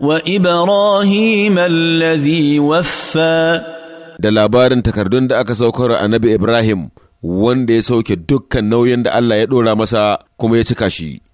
وابراهيم الذي وفى da labarin takardun da aka saukar annabi Ibrahim wanda ya sauke dukkan nauyin da Allah ya ɗora masa kuma ya cika shi.